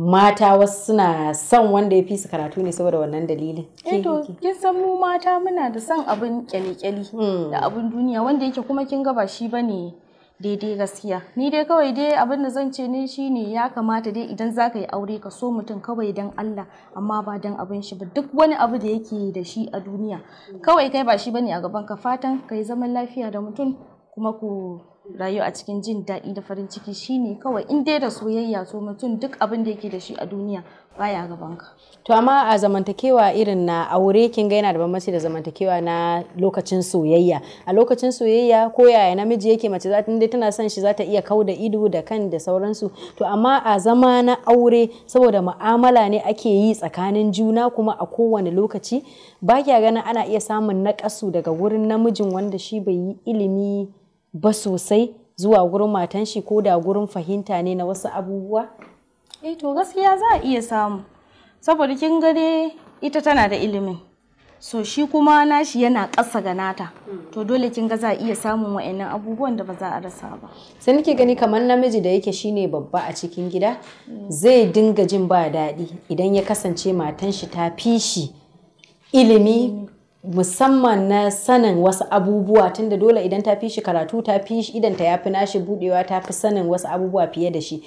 mata wasu suna son wanda ya fi su karatu ne saboda wannan dalilin. Eto, eh kin san mu mata muna da son abin kyalikyali hmm. da abin duniya wanda yake kuma kin gaba shi bane daidai gaskiya. Ni dai kawai dai abin da zan ce ne shine ya kamata dai idan za ka yi aure ka so mutum kawai dan Allah amma ba dan abin shi ba duk wani abu da yake da shi a duniya. Kawai kai ba shi bane a gaban ka fatan ka yi zaman lafiya da mutum kuma ku rayu a cikin jin daɗi da farin ciki shine kawai in dai da soyayya so mutum duk abin da yake da shi a duniya baya gaban ka to amma a zamantakewa irin na aure kin ga yana da bambanci da zamantakewa na lokacin soyayya a lokacin soyayya ko yaya namiji yake mace za ta tana son shi za ta iya kau da ido da kan da sauransu to amma a zama na aure saboda mu'amala ne ake yi tsakanin juna kuma a kowane lokaci ba kya ganin ana iya samun nakasu daga wurin namijin wanda shi bai yi ilimi ba sosai zuwa gurin matan shi ko da gurin fahimta ne na wasu abubuwa? Eh to gaskiya za a iya samu. Saboda kin ga ita tana da ilimin. So shi kuma nashi yana ƙasa ga nata. To dole kin ga za a iya samun wa'annan abubuwan da ba za a rasa ba. Sai nake gani kamar namiji da yake shine babba a cikin gida zai dinga jin ba daɗi idan ya kasance matan shi ta fi shi ilimi musamman na sanin wasu abubuwa tunda dole idan ta fi shi karatu ta fi shi idan ta fi nashi budewa ta fi sanin wasu abubuwa fiye da shi